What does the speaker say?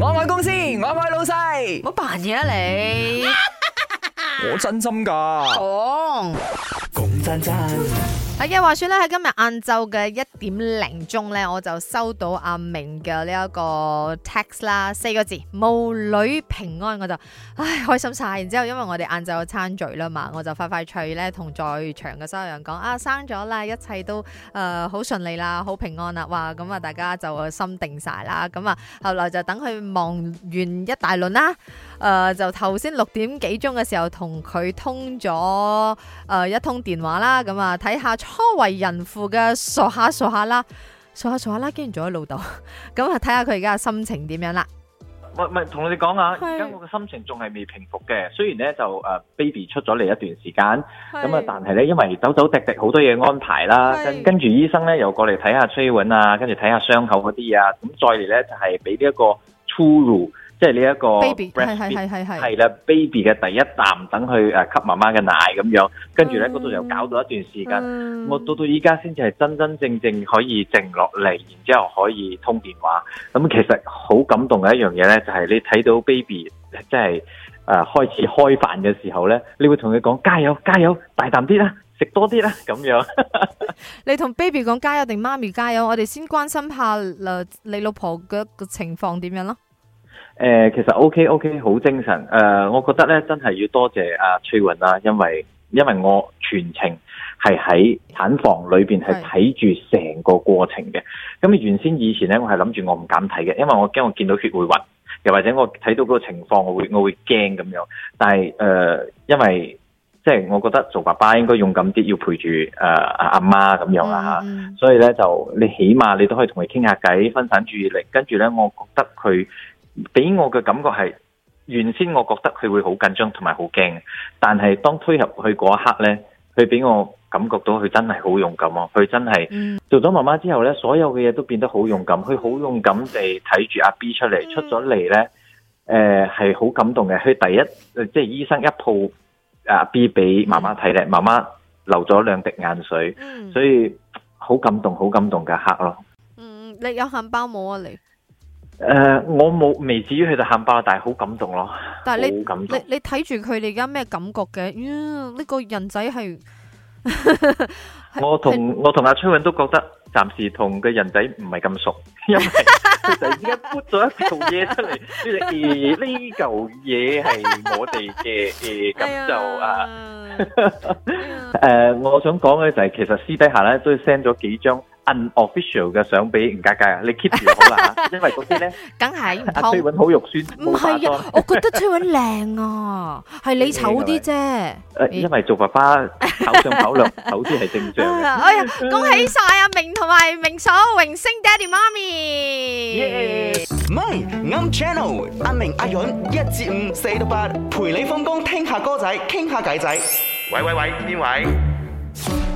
我愛公司，我愛老細。冇扮嘢啊你！ 我真心㗎。哦！係嘅，話說咧喺今日晏晝嘅一點零鐘咧，我就收到阿明嘅呢一個 text 啦，四個字：母女平安。我就唉開心晒。然之後因為我哋晏晝有餐聚啦嘛，我就快快脆咧同在場嘅所有人講：啊生咗啦，一切都誒好順利啦，好平安啦。哇咁啊，大家就心定晒啦。咁啊，後來就等佢忙完一大輪啦。誒、呃，就頭先六點幾鐘嘅時候同佢通咗誒、呃、一通電話啦，咁啊睇下初為人父嘅傻下傻下啦，傻下傻下啦，竟然做咗老豆，咁啊睇下佢而家心情點樣啦？喂，咪同你講啊，而家是我嘅心情仲係未平復嘅，雖然咧就誒 baby、呃、出咗嚟一段時間，咁啊是但係咧因為走走滴滴好多嘢安排啦是，跟跟住醫生咧又過嚟睇下催乳啊，跟住睇下傷口嗰啲啊，咁再嚟咧就係俾呢一個初乳。即係你一個，係係係係係，係啦，baby 嘅第一啖等佢誒吸媽媽嘅奶咁樣，跟住咧嗰度又搞到一段時間，嗯、我到到依家，先至係真真正正可以靜落嚟，然之後可以通電話。咁、嗯、其實好感動嘅一樣嘢咧，就係、是、你睇到 baby 即係誒、呃、開始開飯嘅時候咧，你會同佢講加油加油，大啖啲啦，食多啲啦咁樣。 你同 baby 講加油定媽咪加油？我哋先關心下你老婆嘅情況點樣咯？誒、呃，其實 OK，OK，好精神。誒、呃，我覺得咧，真係要多謝阿、啊、翠雲啦，因為因為我全程係喺產房裏邊係睇住成個過程嘅。咁你是原先以前咧，我係諗住我唔敢睇嘅，因為我驚我見到血會暈，又或者我睇到嗰個情況我會我會驚咁樣。但係誒、呃，因為即係、就是、我覺得做爸爸應該勇敢啲，要陪住誒阿媽咁樣啊。嗯、所以咧就你起碼你都可以同佢傾下偈，分散注意力。跟住咧，我覺得佢。俾我嘅感覺係，原先我覺得佢會好緊張同埋好驚，但係當推入去嗰一刻咧，佢俾我感覺到佢真係好勇敢啊！佢真係做咗媽媽之後咧，所有嘅嘢都變得好勇敢，佢好勇敢地睇住阿 B 出嚟，出咗嚟咧，誒係好感動嘅。佢第一即係醫生一抱阿 B 俾媽媽睇咧，媽媽流咗兩滴眼水，所以好感動，好感動嘅一刻咯。嗯，你有紅包冇啊？你？誒，我冇未至於去到喊爆，但係好感動咯。但係你好感動你你睇住佢哋而家咩感覺嘅？呢個人仔係我同我同阿崔允都覺得暫時同個人仔唔係咁熟，因為其實而家搬咗一嚿嘢出嚟，而呢嚿嘢係我哋嘅嘅感受啊。誒，我想講嘅就係其實私底下咧都 send 咗幾張。unofficial 嘅相俾吳家佳啊，你 keep 住好啦，因為嗰啲咧，梗係阿崔允好肉酸，唔係啊，我覺得崔允靚啊，係你醜啲啫。誒，因為做爸爸，醜上醜落，醜啲係正常嘅。哎呀，恭喜晒阿明同埋明嫂，榮升爹哋媽咪。喂，啱 channel，阿明阿允一至五，四到八，陪你放工，聽下歌仔，傾下偈仔。喂喂喂，邊位？